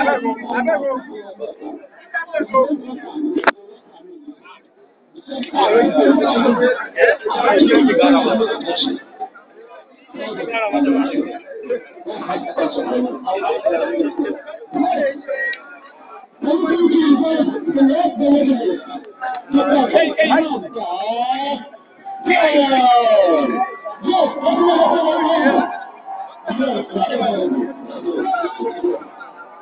Yes,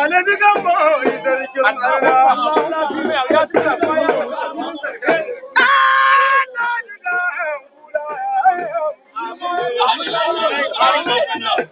Alebi ka mọ ìdẹ̀rẹ̀jọ náírà. Thank you.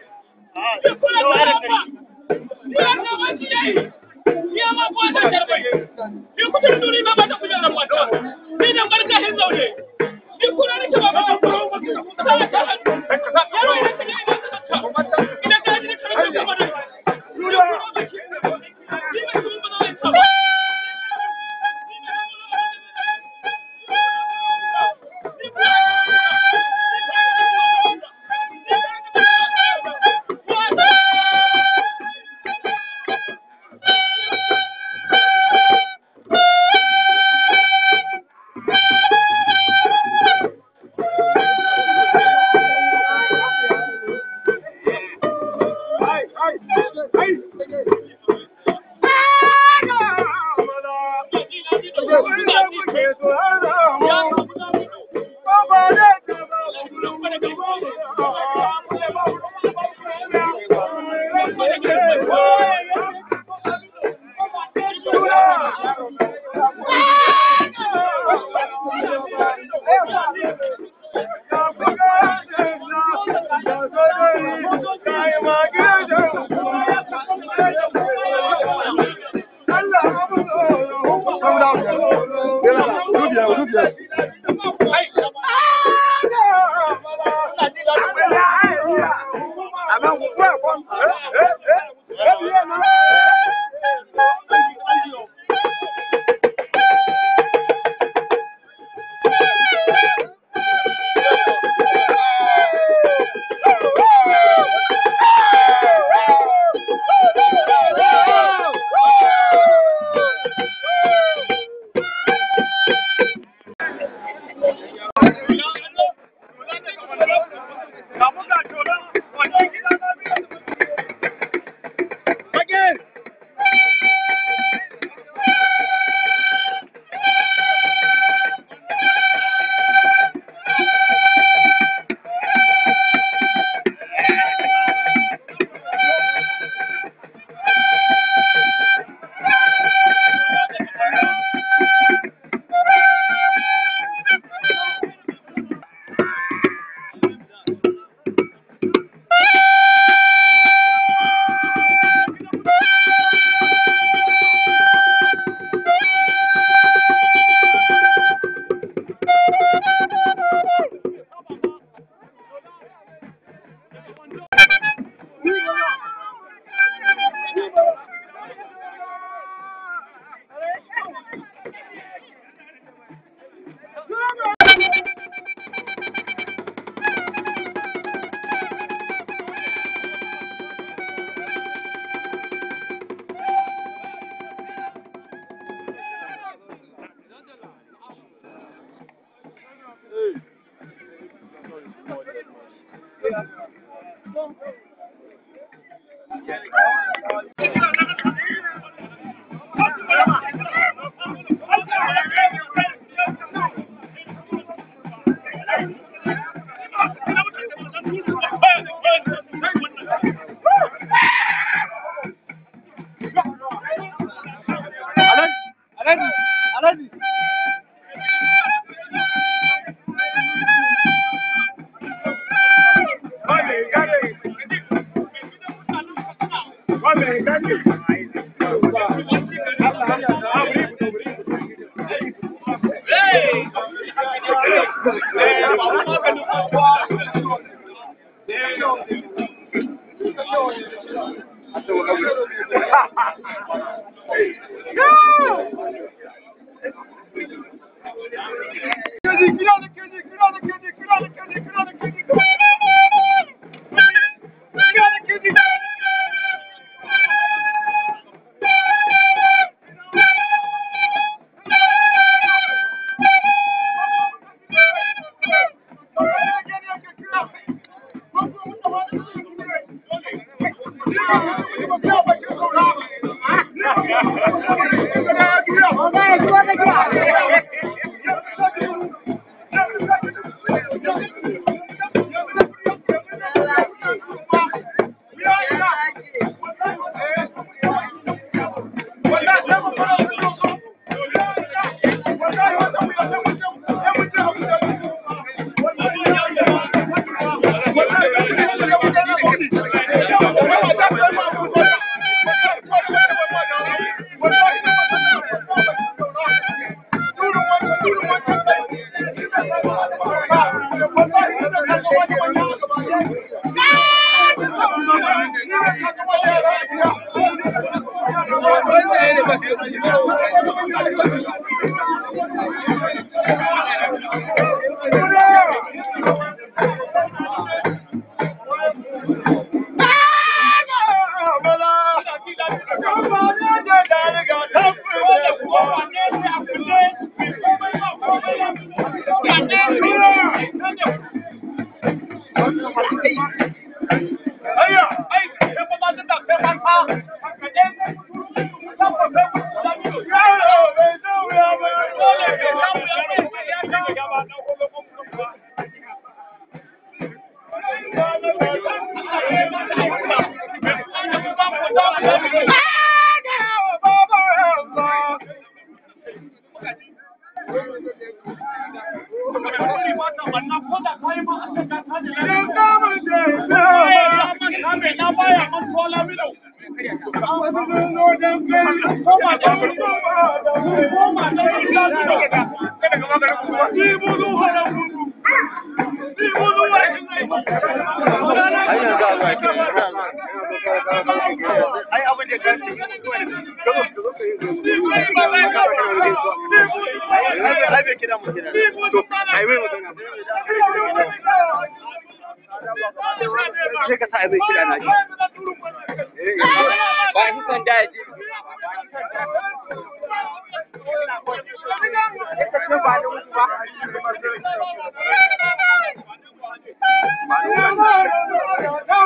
Hey, hey,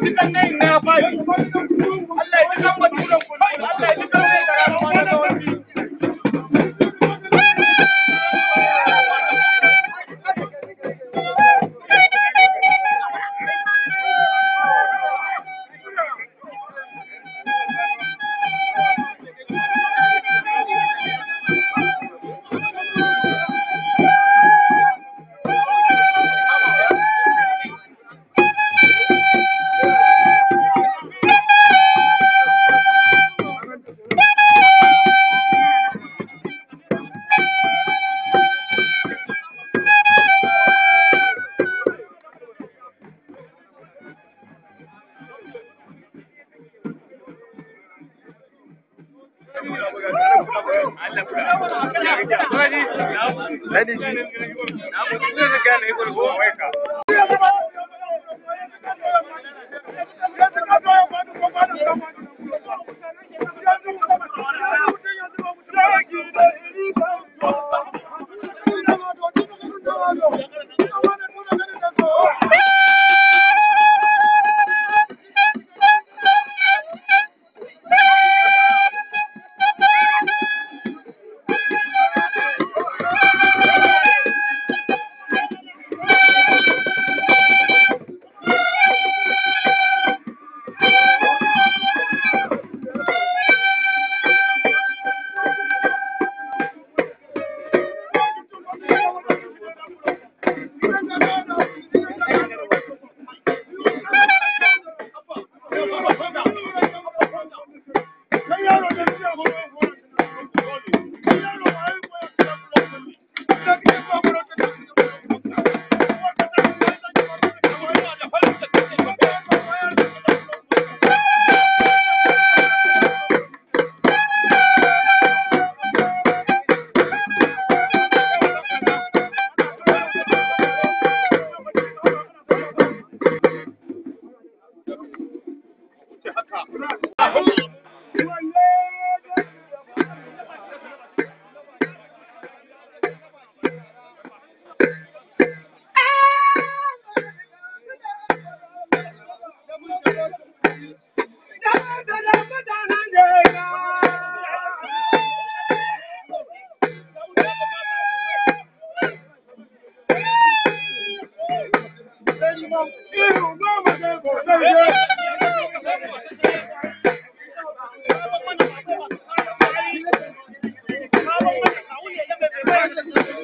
yeah, it's a name now.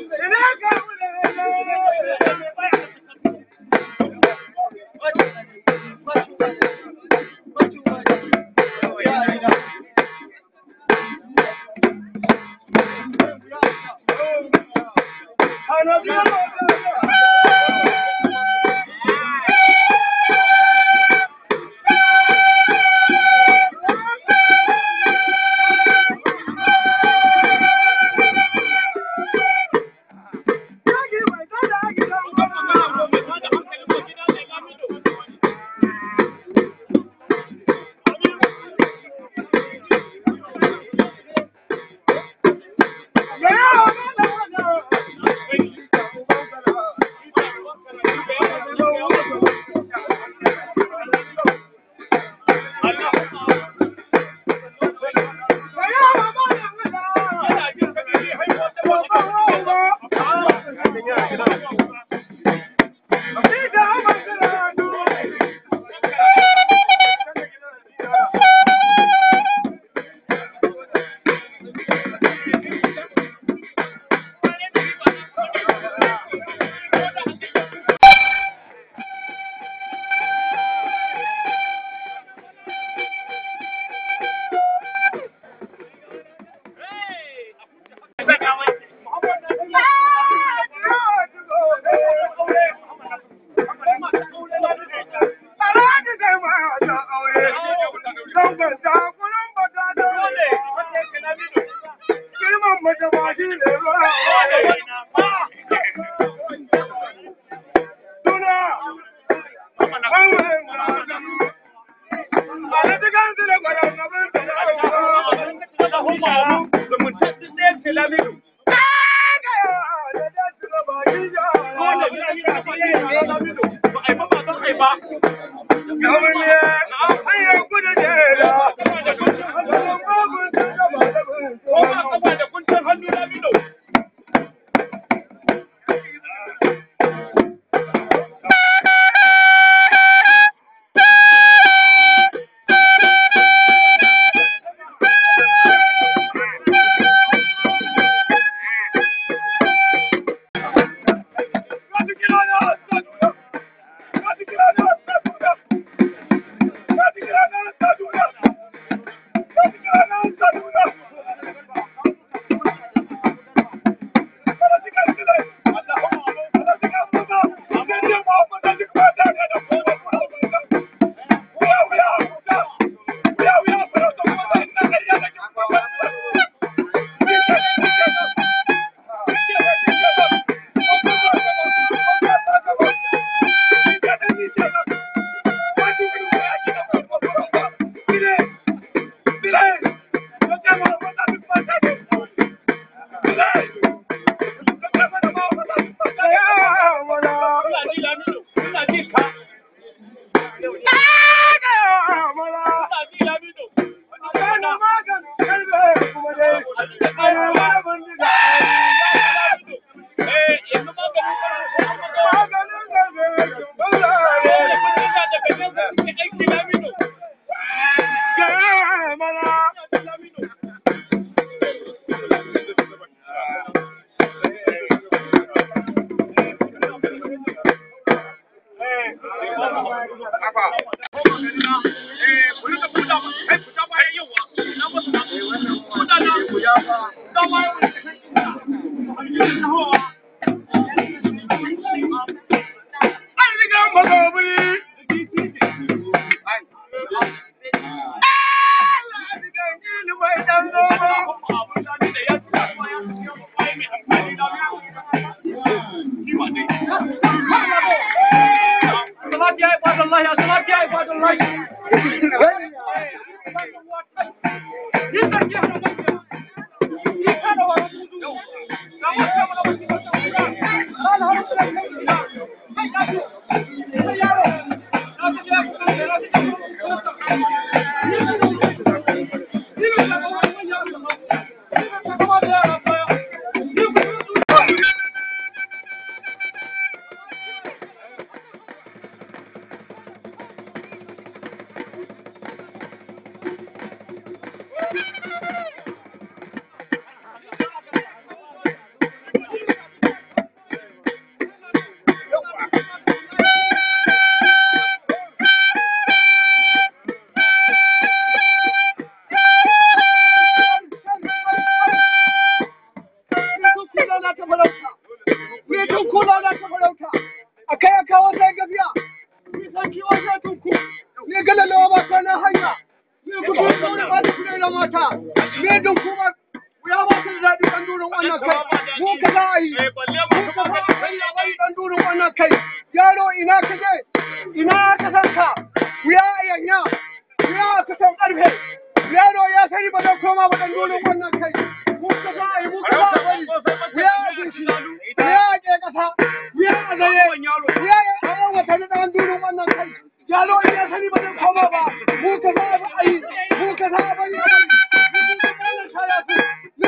Thank you. Amen. gwanin hanya me kuke zaune ba da kure na mata me don kuma ya ba su daɗi ɗan durin wannan kai mu ka za a yi eh, mu ka za a yi ɗan durin wannan kai yaro ina ka je ina ka san ka wuya a yanya wuya a kusan ƙarfe yaro ya sani ba zan koma ba ɗan durin wannan kai mu ka za a yi mu ka za a bari wuya a gishi wuya a ke ƙasa wuya a zaye wuya a yawan wata ɗan durin wannan kai قالوا لي يا سليم بن مو كذاب عيد مو كذاب اليمن مو